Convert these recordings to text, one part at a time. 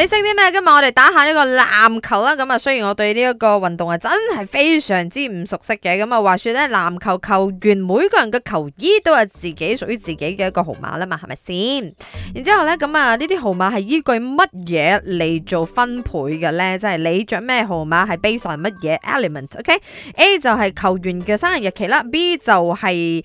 你識啲咩？今日我哋打下呢個籃球啦。咁、嗯、啊，雖然我對呢一個運動啊真係非常之唔熟悉嘅。咁、嗯、啊，話說咧，籃球球員每個人嘅球衣都係自己屬於自己嘅一個號碼啦嘛，係咪先？然之後咧，咁、嗯、啊，呢啲號碼係依據乜嘢嚟做分配嘅咧？即係你着咩號碼係 base on 乜嘢 element？OK，A 就係球員嘅生日日期啦，B 就係誒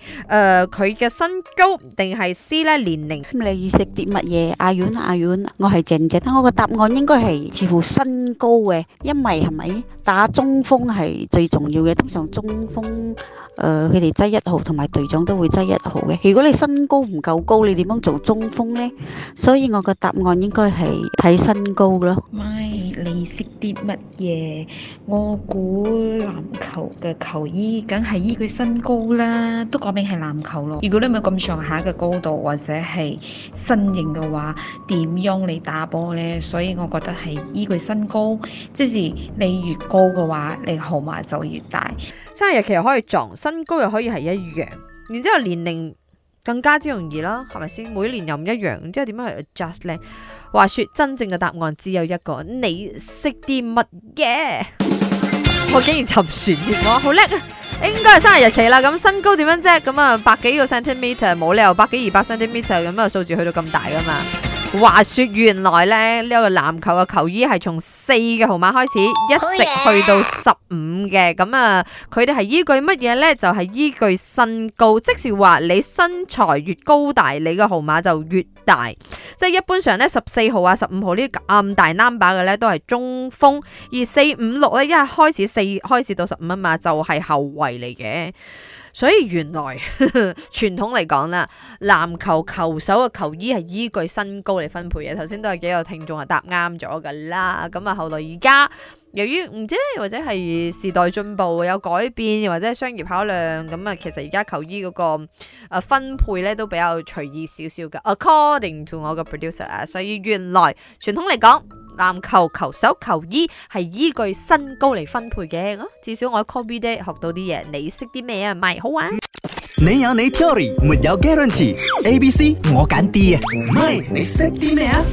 佢嘅身高定係 C 咧年齡。你識啲乜嘢？阿遠阿遠，我係靜靜。我個。答案應該係似乎身高嘅一米，係咪？打中鋒係最重要嘅，通常中鋒，誒佢哋執一號同埋隊長都會執一號嘅。如果你身高唔夠高，你點樣做中鋒呢？所以我嘅答案應該係睇身高咯。MY，你識啲乜嘢？我估籃球嘅球衣梗係依佢身高啦，都講明係籃球咯。如果你冇咁上下嘅高度或者係身形嘅話，點樣你打波呢？所以我覺得係依佢身高，即是你越，高嘅話，你號碼就越大。生日日期又可以撞，身高又可以係一樣，然之後年齡更加之容易啦，係咪先？每年又唔一樣，然之後點樣去 adjust 咧？話說真正嘅答案只有一個，你識啲乜嘢？Yeah! 我竟然沉船嘅我，好叻啊！應該係生日日期啦，咁身高點樣啫？咁啊百幾個 centimeter，冇理由百幾二百 centimeter 咁嘅數字去到咁大噶嘛？話說原來咧呢、這個籃球嘅球衣係從四嘅號碼開始，一直去到十五嘅。咁啊，佢哋係依據乜嘢呢？就係、是、依據身高，即是話你身材越高大，你個號碼就越大。即、就、係、是、一般上呢，十四號啊、十五號呢啲咁大 number 嘅呢都係中鋒；而四、五、六呢，一係開始四開始到十五啊嘛，就係後衛嚟嘅。所以原來 傳統嚟講啦，籃球球手嘅球衣係依據身高嚟分配嘅。頭先都有幾個聽眾啊答啱咗㗎啦，咁啊後來而家。由於唔知或者係時代進步有改變，或者係商業考量，咁啊，其實而家球衣嗰個誒分配咧都比較隨意少少噶。According to 我個 producer 啊，所以原來傳統嚟講，籃球球手球衣係依據身高嚟分配嘅。至少我喺 Cold Day 學到啲嘢，你識啲咩啊？咪好玩？你有你 theory，沒有 guarantee。A B C 我揀 D。咪你識啲咩啊？